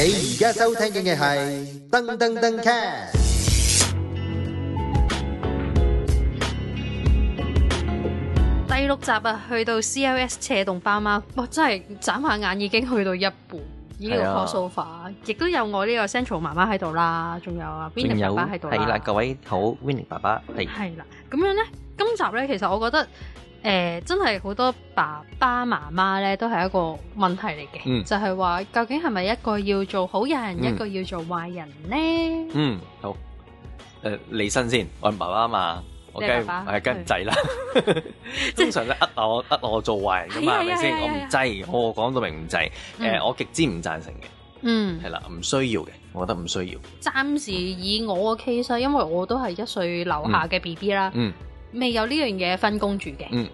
你而家收聽嘅係《噔噔噔 cast》第六集啊，去到 CLS 斜洞爸媽，哇！真係眨下眼已經去到一半。呢個 cosplay，亦都有我呢個 central 媽媽喺度啦，仲有啊 Winnie 爸爸喺度啦。係啦，各位好，Winnie 爸爸係。係啦，咁樣咧，今集咧，其實我覺得。誒、欸，真係好多爸爸媽媽咧，都係一個問題嚟嘅、嗯，就係、是、話究竟係咪一個要做好人，嗯、一個要做壞人咧？嗯，好，誒、呃，李生先，我係爸爸嘛，爸爸我梗係梗唔制啦。正常都呃我，呃 我做壞人㗎嘛，係咪先？我唔制、嗯，我講到明唔制，誒、嗯呃，我極之唔贊成嘅。嗯，係啦，唔需要嘅，我覺得唔需要。暫時以我嘅 case，因為我都係一歲樓下嘅 B B 啦、嗯。嗯。嗯未有呢樣嘢分工住嘅。嗯，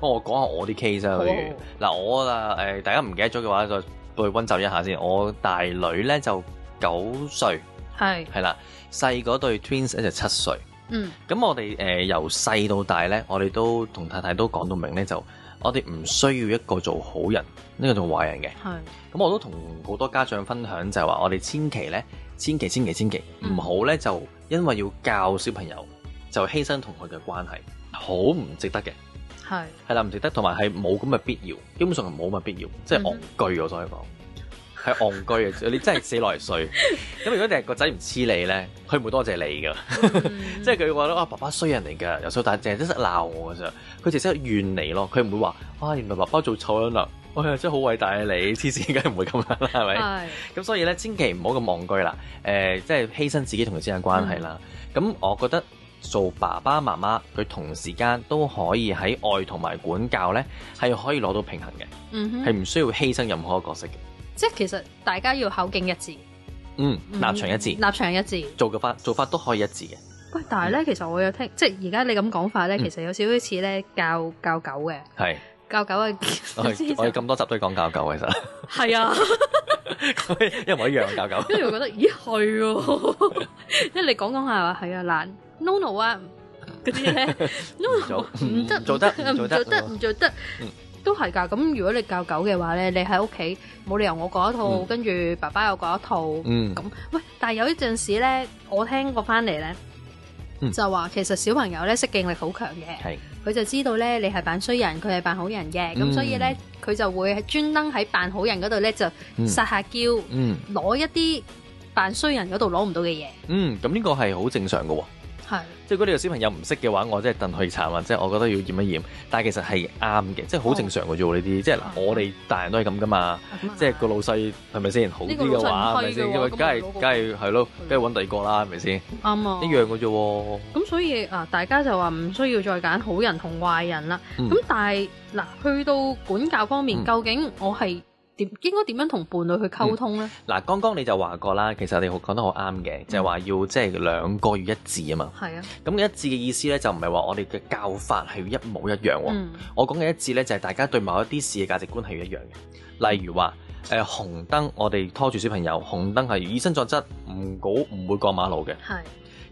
我講下我啲 case 啊。例如嗱，我啊誒，大家唔記得咗嘅話，再再溫習一下先。我大女咧就九歲，係係啦，細嗰對 twins 咧就七歲。嗯，咁我哋誒、呃、由細到大咧，我哋都同太太都講到明咧，就我哋唔需要一個做好人，一個做壞人嘅。係，咁我都同好多家長分享就係話，我哋千祈咧，千祈千祈千祈唔、嗯、好咧，就因為要教小朋友。就犧牲同佢嘅關係，好唔值得嘅，係係啦，唔值得，同埋係冇咁嘅必要，基本上冇咁嘅必要，即係戇居，我所以講，係戇居嘅。的 你真係死嚟衰！咁 如果你係個仔唔黐你咧，佢唔會多謝，謝你噶、 嗯，即係佢話咯，爸爸衰人嚟噶，由細到大，但係淨係都識鬧我嘅咋！」佢淨識怨你咯，佢唔會話，哇、啊，原來爸爸做錯咗啦，我、哎、真係好偉大啊！你黐線，梗係唔會咁啦，係咪？咁所以咧，千祈唔好咁戇居啦，誒、呃，即係犧牲自己同佢之間關係啦。咁、嗯、我覺得。做爸爸媽媽，佢同時間都可以喺愛同埋管教咧，係可以攞到平衡嘅，係，mm-hmm，唔需要犧牲任何一個角色嘅。即係其實大家要口徑一致，嗯，立場一致，立場一致，做嘅方法，做法都可以一致嘅。喂，但係咧，其實我有聽，即係而家你咁講法咧，mm-hmm. 其實有少少似咧教教狗嘅，係教狗嘅。我哋咁多集都講教狗，其實係啊，一唔可以一樣教狗。因為我覺得咦係喎，因、啊、 你講講下話係啊懶。懶 no no 啊、no, no. 嗰 n o 唔得，做得做得唔做得，都係噶。咁如果你教狗嘅話咧，你喺屋企冇理由我嗰一套，跟、嗯、住爸爸又嗰一套，咁喂。但係有一陣時咧，我聽過翻嚟咧，就話其實小朋友咧適應力好強嘅，係佢就知道咧你係扮衰人，佢係扮好人嘅，咁所以咧佢就會係專登喺扮好人嗰度咧就撒下嬌，嗯，攞一啲扮衰人嗰度攞唔到嘅嘢，嗯，咁呢、嗯、個係好正常噶。係，即係如果你個小朋友唔識嘅話，我即係戥佢慘，或者我覺得要驗一驗。但係其實係啱嘅，即係好正常嘅啫。呢啲即係嗱，我哋大人都係咁噶嘛，即係個老細係咪先好啲嘅話，係咪先？咁梗係梗係係咯，梗係搵第二個啦，係咪先？啱啊，一樣嘅啫。咁所以啊，大家就話唔需要再揀好人同壞人啦。咁但係嗱，去到管教方面，究竟我係？點應該點樣同伴侶去溝通呢？嗱、嗯，剛剛你就話過啦，其實我哋講得好啱嘅，就係話要即係兩個要一致啊嘛。係啊，咁一致嘅意思呢，就唔係話我哋嘅教法係一模一樣喎、哦。嗯、我講嘅一致呢，就係、是、大家對某一啲事嘅價值觀係一樣嘅。例如話，誒紅燈我哋拖住小朋友，紅燈係以身作則，唔好唔會過馬路嘅。係、啊。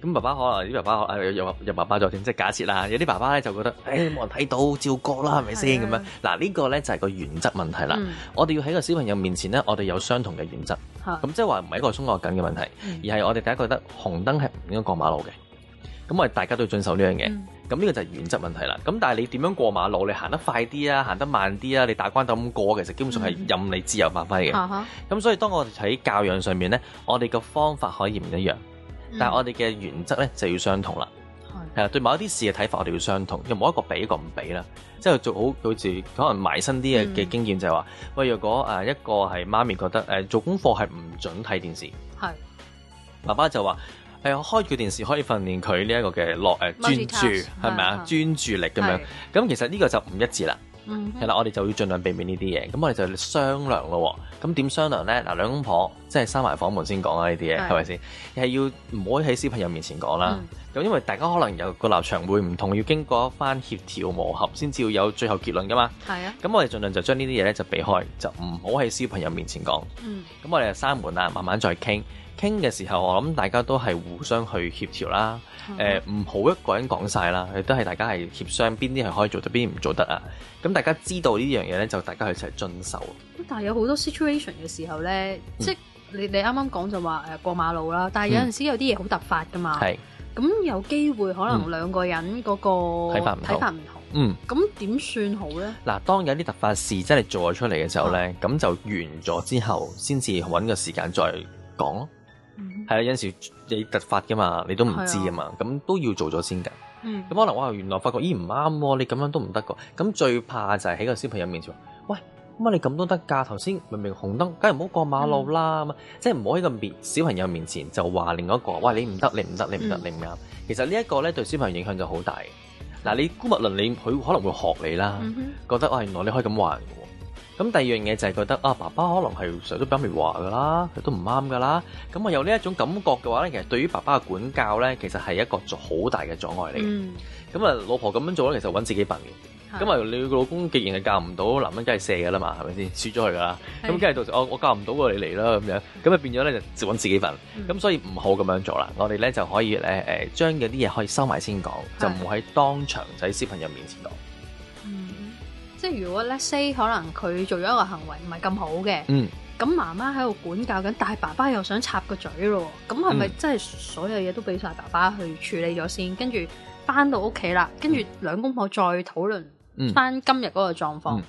咁爸爸可能啲爸爸誒有爸爸有爸爸在先，即係假設啦。有啲爸爸咧就覺得誒冇人睇到照過啦，係咪先咁樣？嗱，呢個咧就係個原則問題啦、嗯。我哋要喺個小朋友面前咧，我哋有相同嘅原則。咁即係話唔係一個鬆或緊嘅問題，嗯、而係我哋第一個覺得紅燈係唔應該過馬路嘅。咁、嗯、我哋大家都要遵守呢樣嘢。咁、嗯、呢個就係原則問題啦。咁但係你點樣過馬路？你行得快啲啊，行得慢啲啊，你打關鬥咁過，其實基本上係任你自由發揮嘅。咁、嗯啊、所以當我哋喺教養上面咧，我哋嘅方法可以唔一樣。嗯、但係我哋嘅原則咧就要相同啦，係啊，對某一啲事嘅睇法我哋要相同，又冇一個俾一個唔俾啦，即係做好好似可能埋身啲嘅嘅經驗就係話，喂、嗯，若果一個係媽咪覺得做功課係唔準睇電視，係，爸爸就話我、呃、開住電視可以訓練佢呢一個嘅落誒專注，係咪啊？專注力咁樣，咁其實呢個就唔一致啦。係、mm、啦 -hmm.，我哋就要盡量避免呢啲嘢，咁我哋就商量咯、哦。咁點商量呢？嗱，兩公婆即係閂埋房門先講啊，呢啲嘢係咪先？係要唔好喺小朋友面前講啦。咁、mm -hmm. 因為大家可能有個立場會唔同，要經過一番協調磨合，先至會有最後結論㗎嘛。係啊。咁我哋盡量就將呢啲嘢呢就避開，就唔好喺小朋友面前講。嗯。咁我哋就閂門啦，慢慢再傾。傾嘅時候，我諗大家都係互相去協調啦。唔、嗯、好、呃、一個人講晒啦，都係大家係協商邊啲係可以做到，邊啲唔做得啊。咁大家知道呢樣嘢呢，就大家一齊遵守。但係有好多 situation 嘅時候呢，即係你你啱啱講就話誒過馬路啦，但係有陣時有啲嘢好突發噶嘛。係、嗯。咁有機會可能兩個人嗰個睇法唔同，睇法唔同。嗯。咁、嗯、點算好呢？嗱，當有啲突發事真係做咗出嚟嘅時候呢，咁、嗯、就完咗之後，先至揾個時間再講咯。係啊，有陣時你突發噶嘛，你都唔知啊嘛，咁、嗯、都要做咗先噶。咁、嗯、可能我原來發覺咦唔啱喎，你咁樣都唔得噶。咁最怕就係喺個小朋友面前，喂，乜你咁都得噶、啊？頭先明明紅燈，梗係唔好過馬路啦。咁、嗯、啊，即係唔好喺個面小朋友面前就話另一個，喂，你唔得，你唔得，你唔得、嗯，你唔啱。其實這呢一個咧對小朋友影響就好大。嗱，你姑勿論，你佢可能會學你啦，嗯、覺得喂，原來你可以咁話人。咁第二樣嘢就係覺得啊，爸爸可能係成日都俾媽咪話㗎啦，佢都唔啱㗎啦。咁我有呢一種感覺嘅話咧，其實對於爸爸嘅管教咧，其實係一個好大嘅阻礙嚟嘅。咁、嗯、啊，老婆咁樣做咧，其實揾自己份。咁啊，你老公既然係教唔到男人梗係射㗎啦嘛，係咪先？輸咗佢㗎啦，咁梗係到時我我教唔到你嚟啦咁樣，咁啊變咗咧就揾自己份。咁、嗯、所以唔好咁樣做啦。我哋咧就可以呢，呃、將有啲嘢可以收埋先講，就唔會喺當場仔小朋友面前講。如果 let's say 可能佢做咗一個行為唔係咁好嘅，咁媽媽喺度管教緊，但係爸爸又想插個嘴咯，咁係咪真係所有嘢都俾晒爸爸去處理咗先？跟住翻到屋企啦，跟住兩公婆再討論翻今日嗰個狀況，咁、嗯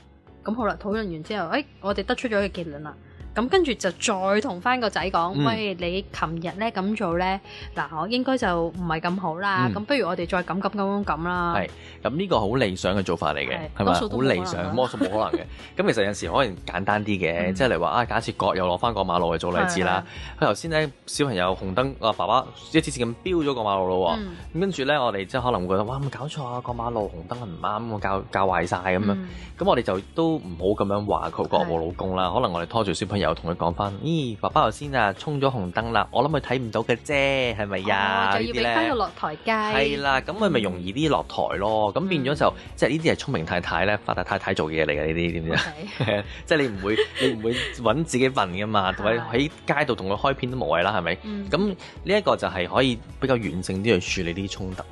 嗯、好啦，討論完之後，誒、哎，我哋得出咗一個結論啦。咁跟住就再同翻個仔講，喂，你琴日咧咁做咧，嗱我應該就唔係咁好啦。咁、嗯、不如我哋再咁咁咁咁啦。係，咁呢個好理想嘅做法嚟嘅，係咪？好理想，多數冇可能嘅。咁 其實有時可能簡單啲嘅，即係嚟話啊，假設各又攞翻個馬路去做例子啦。佢頭先咧小朋友紅燈啊，爸爸一次次咁標咗個馬路咯，咁、嗯、跟住咧我哋即係可能會覺得哇，唔搞錯啊，個馬路紅燈唔啱，我教教壞晒。嗯」咁樣。咁我哋就都唔好咁樣話佢國冇老公啦。可能我哋拖住小朋友，又同佢講翻，咦、欸，爸爸頭先啊衝咗紅燈啦，我諗佢睇唔到嘅啫，係咪呀？啲、哦、落台階？係啦，咁佢咪容易啲落台咯。咁、嗯、變咗就即係呢啲係聰明太太咧，發達太太做嘅嘢嚟嘅呢啲，知唔知、嗯、 即係你唔會，你唔會揾自己笨㗎嘛，同埋喺街度同佢開片都冇謂啦，係咪？咁呢一個就係可以比較完整啲去處理啲衝突。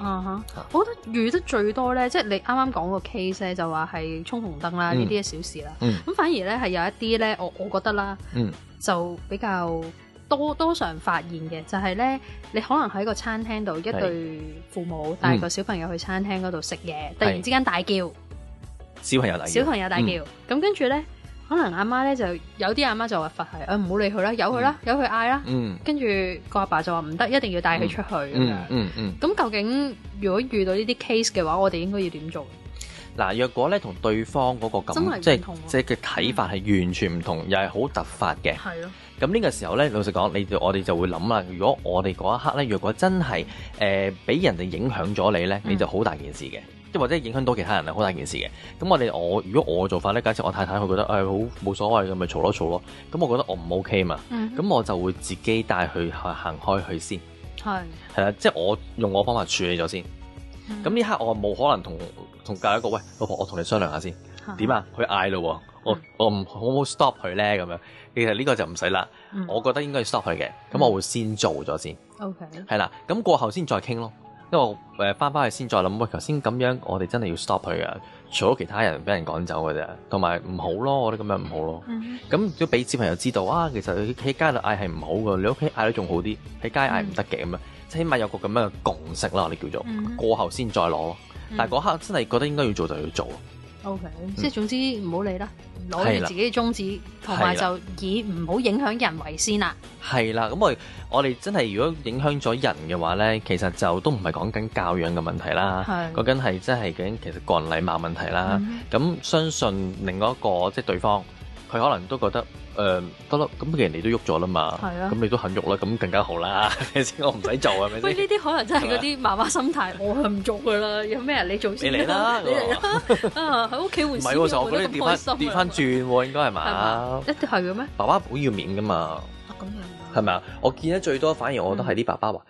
啊哈！我覺得遇得最多咧，即係你啱啱講個 case 咧，就話係衝紅燈啦，呢啲嘅小事啦。咁、嗯、反而咧係有一啲咧，我我覺得啦，嗯、就比較多多常發現嘅，就係咧，你可能喺個餐廳度，一對父母帶個小朋友去餐廳嗰度食嘢，突然之間大叫，小朋友大叫，小朋友大叫，咁跟住咧。可能阿媽咧就有啲阿媽，媽就話佛系，誒唔好理佢啦，由佢啦，由佢嗌啦。嗯。跟住個阿爸就話唔得，一定要帶佢出去咁樣。嗯嗯咁、嗯嗯、究竟如果遇到呢啲 case 嘅話，我哋應該要點做？嗱，若果咧同對方嗰個感覺真係唔同、啊、即係即係嘅睇法係完全唔同，嗯、又係好突發嘅。係咯。咁呢個時候咧，老實講，你哋我哋就會諗啦。如果我哋嗰一刻咧，若果真係誒俾人哋影響咗你咧，嗯、你就好大件事嘅。即或者影響到其他人係好大件事嘅，咁我哋我如果我做法咧，假設我太太佢覺得誒好冇所謂咁，咪嘈咯嘈咯，咁我覺得我唔 OK 嘛，咁、嗯、我就會自己帶佢行行開去先，係係啦，即是我用我方法處理咗先，咁、嗯、呢刻我冇可能同同隔一個喂，老婆，我同你商量下先，點啊佢嗌咯，我、嗯、我唔好唔好 stop 佢咧咁樣，其實呢個就唔使啦，我覺得應該要 stop 佢嘅，咁、嗯、我會先做咗先，OK，係啦，咁過後先再傾咯。因為返翻返去先再諗，喂頭先咁樣我哋真係要 stop 佢㗎。除咗其他人俾人趕走嘅啫，同埋唔好咯，我覺得咁樣唔好咯。咁如果俾小朋友知道啊，其實喺街度嗌係唔好㗎。你屋企嗌得仲好啲，喺街嗌唔得嘅咁樣，即係，mm-hmm. 起碼有個咁樣嘅共識啦，我哋叫做過後先再攞。但嗰刻真係覺得應該要做就要做。O.K. 即係總之唔好理啦，攞住自己嘅宗旨，同埋就以唔好影響人為先啦。係啦，咁我我哋真係如果影響咗人嘅話咧，其實就都唔係講緊教養嘅問題啦，講緊係真係究竟其實個人禮貌問題啦。咁相信另外一個即係對方。佢可能都覺得，誒得咯，咁既然你都喐咗啦嘛，咁、啊嗯、你都肯喐啦，咁更加好啦。我唔使做啊，咪喂，呢啲可能真係嗰啲媽媽心態， 我唔做噶啦。有咩人你做先啦。你嚟啦！你 啊喺屋企會唔係喎？我覺得調翻調返轉喎，應該係嘛？一定係嘅咩？ 爸爸好要面噶嘛？哦，咁樣。係咪啊？我見得最多，反而我覺得係啲爸爸話、嗯：，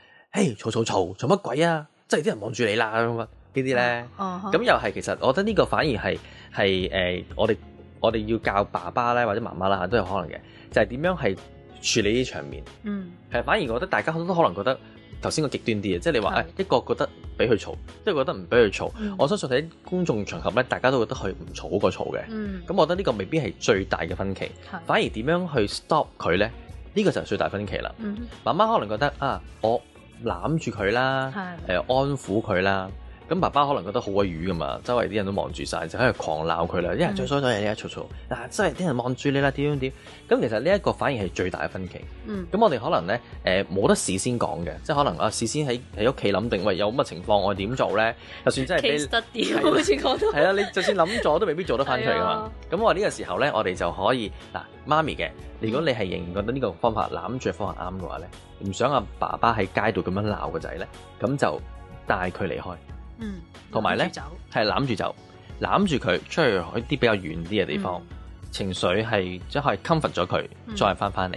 嘿嘈嘈嘈做乜鬼啊！即係啲人望住你啦，咁樣呢啲咧？咁、嗯嗯、又係、嗯，其實我覺得呢個反而係係誒我哋。我哋要教爸爸咧，或者媽媽啦嚇，都有可能嘅，就係、是、點樣係處理呢啲場面。嗯，其實反而我覺得大家都可能覺得頭先個極端啲嘅，即係你話誒一個覺得俾佢嘈，即係覺得唔俾佢嘈。我相信喺公眾場合咧，大家都覺得佢唔嘈好過嘈嘅。嗯，咁我覺得呢個未必係最大嘅分歧，反而點樣去 stop 佢咧？呢、這個就係最大分歧啦、嗯。媽媽可能覺得啊，我攬住佢啦，誒、呃、安撫佢啦。咁爸爸可能覺得好鬼魚噶嘛，周圍啲人都望住晒，就喺度狂鬧佢啦，啲、嗯啊、人將所有嘢呢一嘈嘈，嗱真係啲人望住你啦，點樣點。咁其實呢一個反而係最大嘅分歧。嗯。咁我哋可能咧，誒、呃、冇得事先講嘅，即係可能啊事先喺喺屋企諗定，喂有咁嘅情況我點做咧？就算真係俾得調，study，我好似講到係啦， 你就算諗咗都未必做得翻出嚟嘛。咁、啊、我話呢個時候咧，我哋就可以嗱，媽咪嘅，如果你係仍然覺得呢個方法攬住嘅方法啱嘅話咧，唔想阿爸爸喺街度咁樣鬧個仔咧，咁就帶佢離開。嗯，同埋咧，係攬住走，攬住佢出去去啲比較遠啲嘅地方，嗯、情緒係即係 comfort 咗佢、嗯，再翻翻嚟。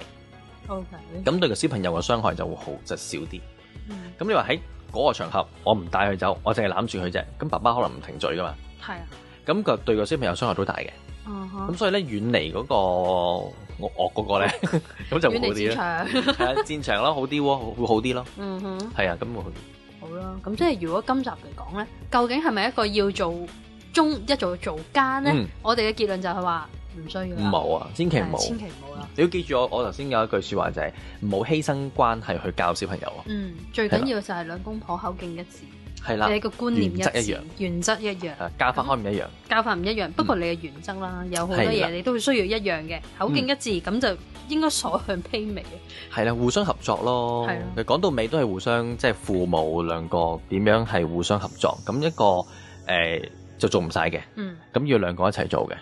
OK，咁對個小朋友嘅傷害就會好就少啲。咁、嗯、你話喺嗰個場合，我唔帶佢走，我淨係攬住佢啫。咁爸爸可能唔停嘴噶嘛。係、啊。咁個對個小朋友傷害都大嘅。咁、嗯、所以咧，遠離嗰個惡惡嗰個咧，咁 就遠啲戰場係 啊，戰場咯，好啲喎，會好啲咯。係、嗯、啊，咁我。咁即係如果今集嚟講咧，究竟係咪一個要做中一做做奸咧？我哋嘅結論就係話唔需要啦，冇啊，千祈唔好、嗯，千祈唔好啦。你要記住我，我頭先有一句說話就係唔好犧牲關係去教小朋友啊。嗯，最緊要就係兩公婆口徑一致。係啦，你個觀念一致，原則一樣，教法可唔一樣，啊、教法唔一,一樣。不過你嘅原則啦，嗯、有好多嘢你都需要一樣嘅口徑一致，咁、嗯、就應該所向披靡。係啦，互相合作咯。係、啊，你講到尾都係互相即係、就是、父母兩個點樣係互相合作咁一個誒、呃、就做唔晒嘅。嗯，咁要兩個一齊做嘅，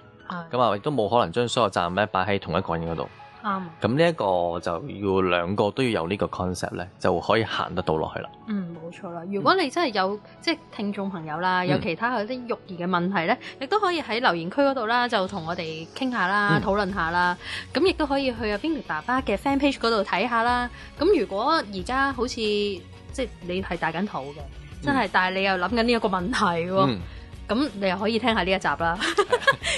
咁啊亦都冇可能將所有責任擺喺同一個人嗰度。啱、嗯，咁呢一個就要兩個都要有個呢個 concept 咧，就可以行得到落去啦。嗯，冇錯啦。如果你真係有、嗯、即係聽眾朋友啦，嗯、有其他嗰啲育兒嘅問題咧，亦都可以喺留言區嗰度啦，就同我哋傾下啦，嗯、討論下啦。咁亦都可以去阿 Binny 爸爸嘅 fan page 嗰度睇下啦。咁如果而家好似即係你係大緊肚嘅，真係、嗯，但係你又諗緊呢一個問題喎、啊，咁、嗯、你又可以聽下呢一集啦。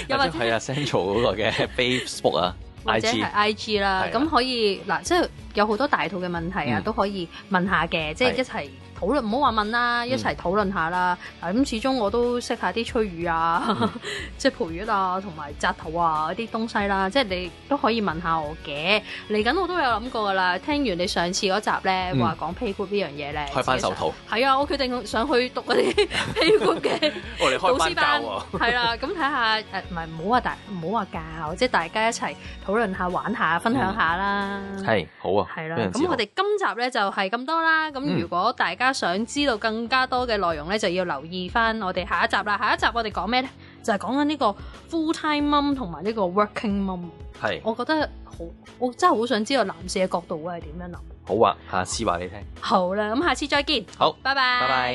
因為係阿 Central 嗰個嘅 Facebook 啊。或者係 IG 啦，咁可以嗱，即係、就是、有好多大肚嘅問題啊，嗯、都可以問下嘅，即、就、係、是、一齊。好啦，唔好話問啦，一齊討論下啦。咁、嗯、始終我都識下啲催乳啊，即係陪月啊，同埋紮肚啊嗰啲東西啦。即係你都可以問，問我下我嘅。嚟緊我都有諗過噶啦。聽完你上次嗰集咧，話講 p 股呢樣嘢咧，開翻手套。係啊，我決定想去讀嗰啲 p 股 y p 嘅老師班。係 啦、啊，咁睇下誒，唔係唔好話大，唔好話教，即、就、係、是、大家一齊討論下、玩下、分享下啦。係、嗯、好啊，係啦、啊。咁我哋今集咧就係咁多啦。咁如果、嗯、大家想知道更加多嘅內容咧，就要留意翻我哋下一集啦。下一集我哋講咩咧？就係講緊呢個 full time mom 同埋呢個 working mom。係，我覺得好，我真係好想知道男士嘅角度會係點樣諗。好啊，下次話你聽。好啦，咁下次再見。好，拜拜。拜拜。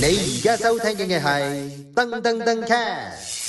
你而家收聽緊嘅係噔噔噔 cast。